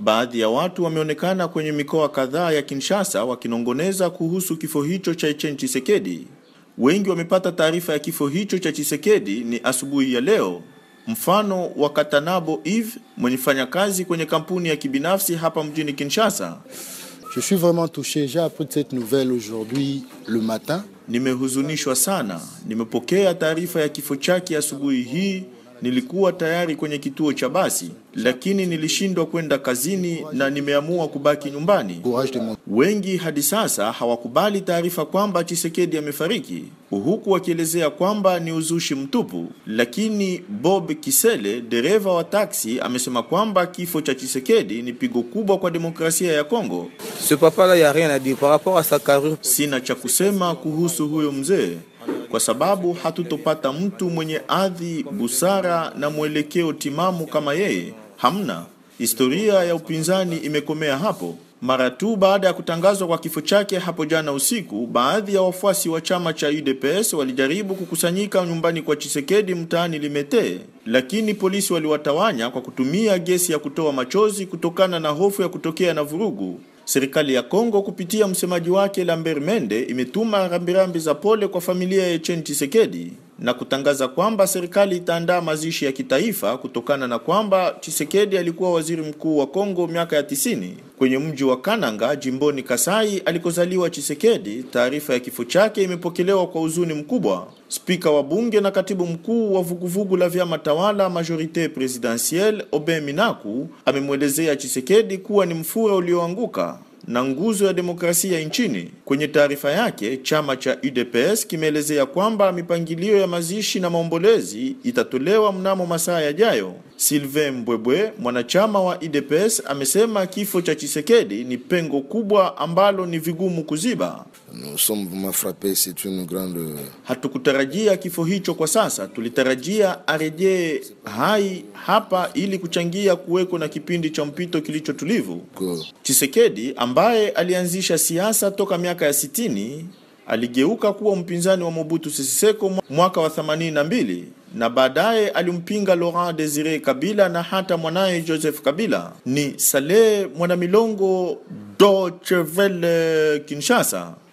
Baadhi ya watu wameonekana kwenye mikoa kadhaa ya Kinshasa wakinongoneza kuhusu kifo hicho cha Etienne Tshisekedi. Wengi wamepata taarifa ya kifo hicho cha Tshisekedi ni asubuhi ya leo. Mfano wa Katanabo Eve mwenye fanya kazi kwenye kampuni ya kibinafsi hapa mjini Kinshasa. Je suis vraiment touché, j'ai appris cette nouvelle aujourd'hui le matin. Nimehuzunishwa sana, nimepokea taarifa ya kifo chake asubuhi hii Nilikuwa tayari kwenye kituo cha basi, lakini nilishindwa kwenda kazini na nimeamua kubaki nyumbani. Wengi hadi sasa hawakubali taarifa kwamba Chisekedi amefariki, huku wakielezea kwamba ni uzushi mtupu. Lakini Bob Kisele, dereva wa taksi, amesema kwamba kifo cha Chisekedi ni pigo kubwa kwa demokrasia ya Kongo. Sina cha kusema kuhusu huyo mzee kwa sababu hatutopata mtu mwenye adhi, busara na mwelekeo timamu kama yeye. Hamna. Historia ya upinzani imekomea hapo. Mara tu baada ya kutangazwa kwa kifo chake hapo jana usiku, baadhi ya wafuasi wa chama cha UDPS walijaribu kukusanyika nyumbani kwa Chisekedi mtaani Limete, lakini polisi waliwatawanya kwa kutumia gesi ya kutoa machozi kutokana na hofu ya kutokea na vurugu. Serikali ya Kongo kupitia msemaji wake Lambert Mende imetuma rambirambi za pole kwa familia ya Etienne Tshisekedi na kutangaza kwamba serikali itaandaa mazishi ya kitaifa kutokana na kwamba Chisekedi alikuwa waziri mkuu wa Kongo miaka ya tisini kwenye mji wa Kananga jimboni Kasai alikozaliwa Chisekedi. Taarifa ya kifo chake imepokelewa kwa huzuni mkubwa. Spika wa bunge na katibu mkuu wa vuguvugu la vyama tawala Majorite Presidentielle obe Minaku amemwelezea Chisekedi kuwa ni mfura ulioanguka na nguzo ya demokrasia nchini. Kwenye taarifa yake, chama cha UDPS kimeelezea kwamba mipangilio ya mazishi na maombolezi itatolewa mnamo masaa yajayo. Sylvain Mbwebwe, mwanachama wa IDPS, amesema kifo cha Chisekedi ni pengo kubwa ambalo ni vigumu kuziba. Hatukutarajia kifo hicho kwa sasa, tulitarajia arejee hai hapa ili kuchangia kuweko na kipindi cha mpito kilichotulivu. Chisekedi ambaye alianzisha siasa toka miaka ya sitini aligeuka kuwa mpinzani wa Mobutu Sese Seko mwaka wa 82 na baadaye alimpinga Laurent Desire Kabila na hata mwanaye Joseph Kabila. Ni Saleh Mwanamilongo, Deutsche Welle, Kinshasa.